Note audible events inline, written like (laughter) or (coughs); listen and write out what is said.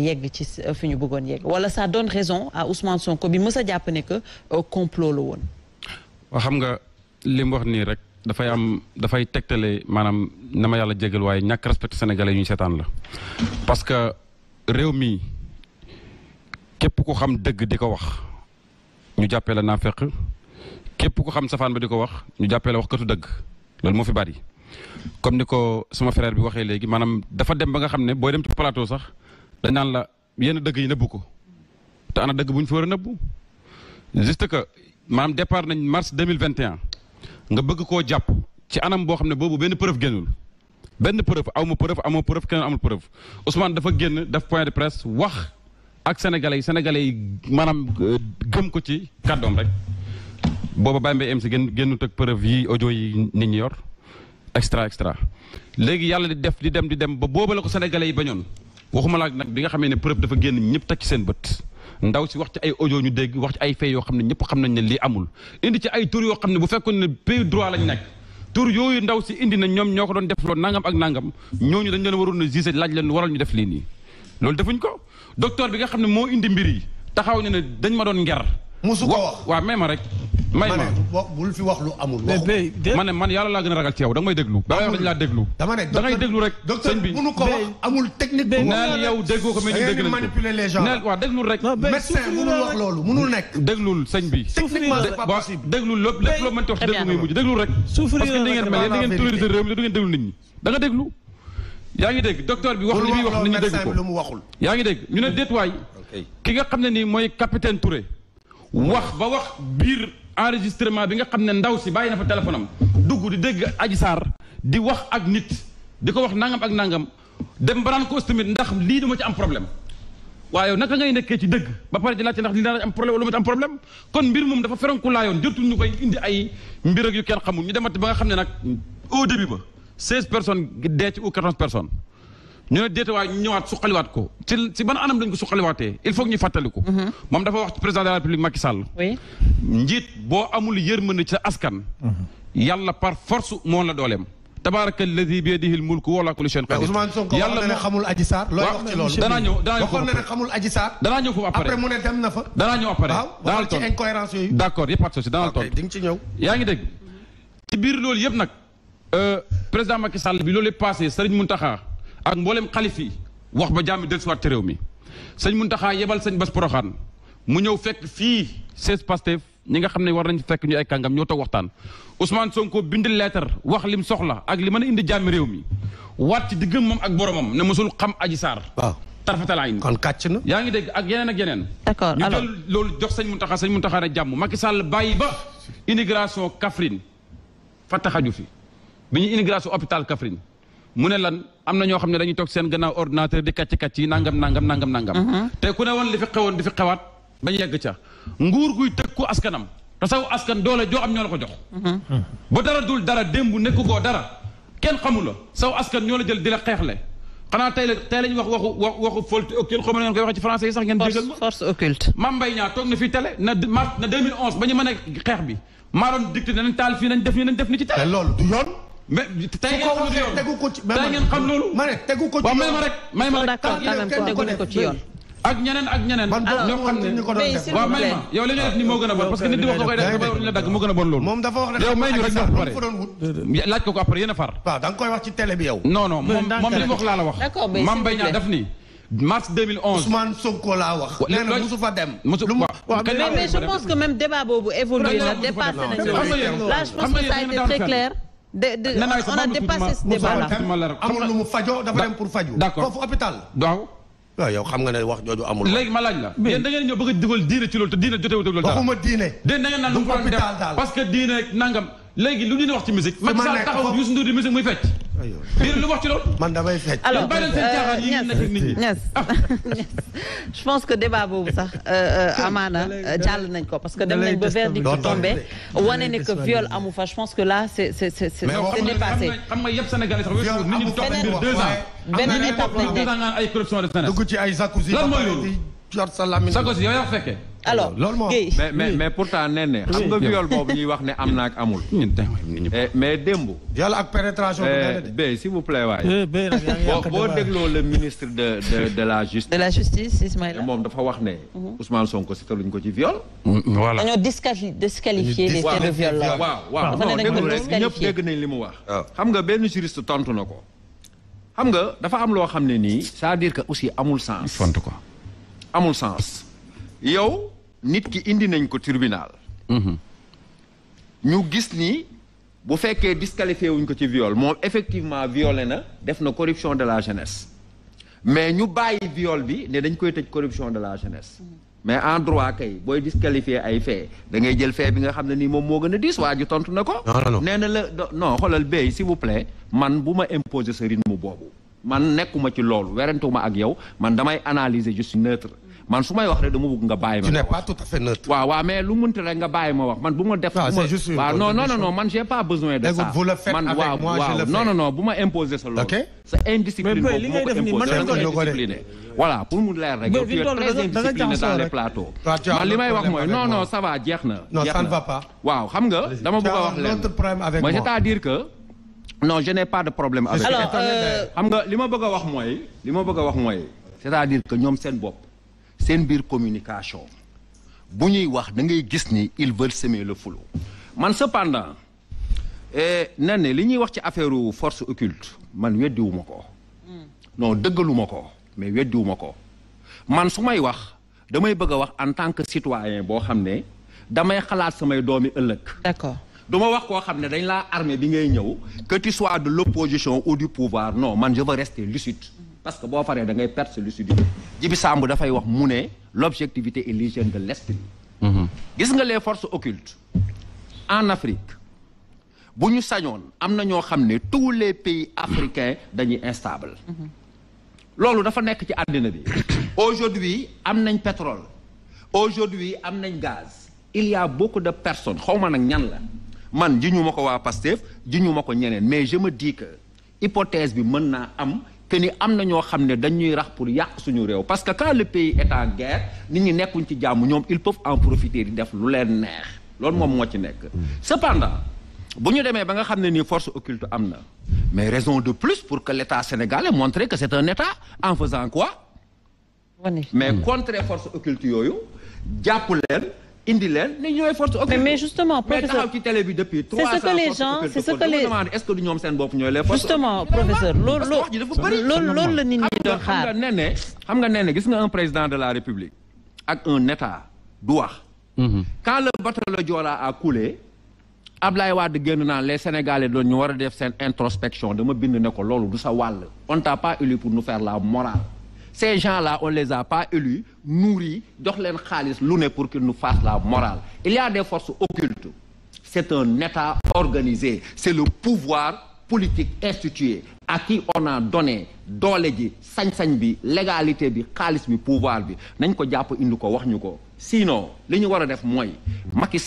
yegg ci fi ñu bëggoon yegg wala sa donne raison à Ousmane Sonko bi mës jàpp ne que euh, complot la woon. waaw xam nga li wax nii rek dafay am dafay tegtale maanaam na ma yàlla jégal waaye ñàkk respecté sénégalais yi seetaan la. parce que réew mi képp ku xam dëgg di ko wax ñu jàppee la naafeq képp ku xam safaan bi di ko wax ñu jàppee la wax katu dëgg loolu moo fi yi comme ni ko suma frère bi waxee léegi maanaam dafa dem ba nga xam ne booy dem ci plateau sax. dañ naan la yenn dëgg yi nëbbu ko te ana dëgg bu ñu fa war a nëbbu juste que maanaam départ nañ mars 2021 nga bëgg koo jàpp ci anam boo xam ne boobu benn preuve génnul benn preuve aw ma preuve amoo preuve keneen amul preuve Ousmane dafa génn daf point de presse wax ak sénégalais yi sénégalais yi maanaam euh, gëm ko ci kàddoom rek booba Baye Mbaye si génn génnut ak preuve yi audio yi nit ñi yor extra extra léegi yàlla di def di dem di dem ba booba la ko sénégalais yi bañoon waxuma laa nag bi nga xamee ne preuve dafa génn ñëpp teg ci seen bët ndaw si wax ci ay audio ñu dégg wax ci ay faits yoo xam ne ñëpp xam nañ ne lii amul indi ci ay tur yoo xam ne boo fekkoon ne pays droit lañ nekk tur yooyu ndaw si indi na ñoom ñoo ko doon def loolu nangam ak nangam ñooñu dañ leen waroon a gisé laaj leen waral ñu def lii nii loolu defuñ ko docteur bi nga xam ne moo indi mbir taxaw ne ne dañ ma doon nger. musu ko wax waaw même rek may ma bul fi wax lu amul. ma ne man yàlla laa gën a ragal ci yow da nga may déglu. da ngay wax dañu laa déglu. dama ne da ngay déglu rek. sëñ bi mënu wax amul technique. bu loolu mënul nekk. déglul sëñ bi. déglul lépp lépp loo mënti déglu muy mujj déglul rek. souffrir la nag parce que da ngeen déglu yaa ngi dégg docteur bi wax li muy wax nit ñi dégg ko yaa ngi dégg ñu ne déet ki nga xam ne nii mooy capitaine Touré wax ba wax biir enregistrement bi nga xam ne ndaw si bàyyi na fa téléphone am dugg di dégg aji saar di wax ak nit di ko wax nangam ak nangam dem baraan ko tamit ndax lii dama ci am problème waaye yow naka ngay nekkee ci dëgg ba pare di laajte ndax lii dana am problème wala ma ci am problème kon mbir moom dafa feronku laayoon jotul ñu koy indi ay mbir ak yu kenn xamul ñu demati ba nga xam ne nag au début ba seize personnes dee ci ou quatorze ñu ne déetewaay ñu ñëwaat suqaliwaat ko ci ci ban anam dañ ko suqaliwaatee il faut que ñu fàttaliku. Mhm. moom dafa wax ci président de la république Macky Sall. oui njiit boo amul yërmande ci askan. Mhm. yàlla par force moo la dooleem. tabaaraka alladi bi yadihi l mulku wa huwa alaa kulli shay'in qadiir. xamul Adji Sarr. looy wax ci loolu danaa ñëw danaa ñëw foofu waxoon na ne xamul Adji Sarr. mu ne dem na fa. danaa ñëw après danaa la toog ci incohérence yooyu. d'accord yëpp at danaa ñëw. yaa ngi dégg ci biir loolu yëpp nag euh, président Macky Sall bi loolu yëpp passé Serigne Mountakha ak mboolem xalif wax ba jàmm dellusiwaat ci réew mi sañ sëñ Muntaxa yebal bas Bass Poroxaan mu ñëw fekk fii sees Pastef ñi nga xam ne war nañ fekk ñu ay kàngam ñoo toog waxtaan Ousmane Sonko bind leetar wax lim soxla ak li mën a indi jàmmi réew mi wat ci diggam moom ak boromam ne mosul xam Adji Sarr. waaw tarfatalaay. kon kàcc na. yaa ngi dégg ak yeneen ak yeneen. d'accord alors ñu jël loolu jox sëñ Muntaxa sëñ Muntaxa ne jàmm Macky Sall bàyyi ba immigration kafrin fa xaju fi bi ñu immigration hôpital Kaffrine mu ne lan am na ñoo xam ne dañuy toog seen gannaaw ordinateur di kàcc kàcc yi nangam nangam nangam nangam. Mm-hmm. te ku ne woon li fi xewoon di fi xewaat bañ yegg ca nguur guy teg tëkku askanam te saw askan doole joo am ñoo la ko jox. Mm-hmm. ba dara dul dara démb nekku goo dara kenn xamu la saw askan ñoo la jël di la xeexle xanaa tey la tey lañ wax waxu waxu faute occulte xaw ma leen koy waxee ci français yi sax ngeen. déggal ma force occulte. Mame Mbaye toog na fii télé na na 2011 ba ñu mën a xeex bi maa doon dicté nañ taal fii nañ def nii nañ def ni ci télé. mais tey ngeen xam loolu tegu ko ci tey ngeen xam loolu. ma ne tegu ko ci yoon waaw may ma rek may ma rek. tegu ko ci yoon. ak ñeneen ak ñeneen. man ñoo xam ne waaw may ma yow li nga def ni moo gën a bon parce que nit di wax nga koy def ba ñu la dagg moo gën a bon loolu. moom dafa wax ne yow may ñu rek wax pare laaj ko ko après yéen a far. waaw da nga koy wax ci télé bi yow. non non moom moom li mu wax laa la wax. Mame Mbaye Niang daf ni mars 2011 Ousmane Sonko laa wax. nee na musu fa dem. musu waaw mais je pense que même débat boobu évolué na dépassé nañu. là je pense que ça a été très clair. de de on a dépassé ce débat là amul lu mu fajoo dafa dem pour faju d'accord foofu hôpital waaw waaw yow xam wax jooju amul. léegi ma laaj la. mais yéen da ngeen ñëw bëgg a dugal diine ci loolu te diine jotewut ak loolu. waxuma diine. du hôpital daal da ngeen naan parce que diine nangam. léegi lu ñu di wax ci musique Macky Sall taxaw Youssou Ndour di musique muy fecc biir lu wax ci loolu man damay fecc alors euh, Niass ah. (laughs) je pense que débat boobu sax euh, euh, (laughs) amaana jàll nañ ko parce que dem nañ ba verdict bu tombé wane ne que viol amu fa je pense que là c'est c'est c'est dépassé xam nga yëpp sénégalais sax wésu nit ñi toog biir deux ans beneen étape lañ nekk dugg ci ay jacuzzi lan mooy loolu sa ko si yow yaa fekkee alors loolu mais mais mais pourtant nee na xam nga ñuy wax ne am na ak amul. Hmm. Eh, eh, mais démb. viol ak pénétration bi eh, s'il vous plaît waay. boo le ministre de de la justice. de la moom dafa wax ne. Mhm. Ousmane Sonko sitaluñ ko ci viol. Hmm, voilà dañoo disqualifié les faits de viol la. waaw waaw non ñëpp dégg li mu wax. Ah. xam nga benn juriste tontu na ko. xam nga dafa am loo xam ne nii. c'est-à-dire que aussi amul sens. font ko amul sens. yow nit ki indi nañ ko tribunal. Mhm. ñu gis ni bu fekkee disqualifié wuñ ko ci viol moom effectivement violé na def na corruption de la jeunesse mais ñu bàyyi viol bi ne dañ koy tëj corruption de la jeunesse. Mhm. mais en droit kay booy disqualifié ay fee da ngay jël fee bi nga xam ne nii moom moo gën a diis waa ji tontu na ko. nee na la non xoolal béy s'il vous plaît man bu ma imposer sa rythme boobu. man nekkuma ci loolu werantuma ak yow man damay analyser je man su may wax rek dama ma. tu n'es pas tout à fait neutre. waaw waaw nga bàyyi ma wax man bu ma def. waaw no juste waaw non non non man j'ai pas besoin de ça. vous le faites avec moi bu ma imposer sa loolu. ok sa indiscipline boobu moo ko imposer da nga ko indiscipliné. voilà pour mu leer rek. yow tu es très indiscipliné dans les may wax mooy non non jeex na. non ça waaw xam nga dama bëgg a wax leen mais c'est-à-dire que. no je n'ai pas de problème avec. alors euh, xam nga li ma bëgg a wax mooy. li ma bëgg a wax mooy. c'est-à-dire que ñoom seen bopp seen biir communication bu ñuy wax da ngay gis ni ils veulent semer le flou man cependant eh, na ne li ñuy wax ci affaire force occulte man weddiwuma ko noo dëggaluma ko mais weddiwuma ko man su may wax damay bëgg a wax en tant que citoyen boo xam ne damay xalaat samay doomi ëllëg d'accord du ma wax koo xam ne dañ laa armée bi ngay ñëw que tu sois de l'opposition ou du pouvoir noo man je veux rester lucide parce que boo paree da ngay perte sa lucidité Djibi Samb dafay wax mu ne l'objectivité et l'hygiène de l'esprit mm-hmm. gis nga les force occultes en Afrique bu ñu sañoon am na ñoo xam ne tous les pays africains dañuy instable mm-hmm. loolu dafa nekk ci àddina bi (coughs) aujourd'hui am nañ pétrole aujourd'hui am nañ gaz il y a beaucoup de personnes xaw ma nag ñan la man ji ñu ma ko waa Pastef ji ñu ma ko ñeneen mais je me dis que hypothèse bi mën naa am que ni am na ñoo xam ne dañuy rax pour yàq suñu réew parce que quand le pays est en guerre nit ñi nekkuñ ci jàmm ñoom il peuvent en profiter di def lu leen neex loolu moom moo ci nekk mm. cependant bu ñu demee ba nga xam ne nii force occulte am na mais raison de plus pour que l'état sénégalais montre que c'est un état en faisant quoi mais mm. contrer force occulte yooyu jàpp leen indi leen ne ñooy force occulte. mais justement professeur mais taxaw ci télé bi c'est ce que les gens c'est ce que du ñoom seen bopp ñooy les. forces justement professeur la nit ñi doon xaar xam nga nee ne xam nga nee ne gis nga un président de la république ak un état du wax. Mhm. quand le bateau le Joola a coulé. Ablaye Wade génn naan les Sénégalais doon ñu war a def seen introspection dama bind ne ko loolu du sa wàll on t'a pas élu pour nous faire la morale. ces gens la on les a pas élus nourris jox leen xaalis lu ne pour qu'ils nous fassent la morale il y des forces occultes c'est un état organisé c'est le pouvoir politique institué à qui on a donné doole ji sañ-sañ bi légalité bi xaalis bi pouvoir bi nañ ko jàpp indi ko wax ñu ko sinon li ñu war a def mooy Macky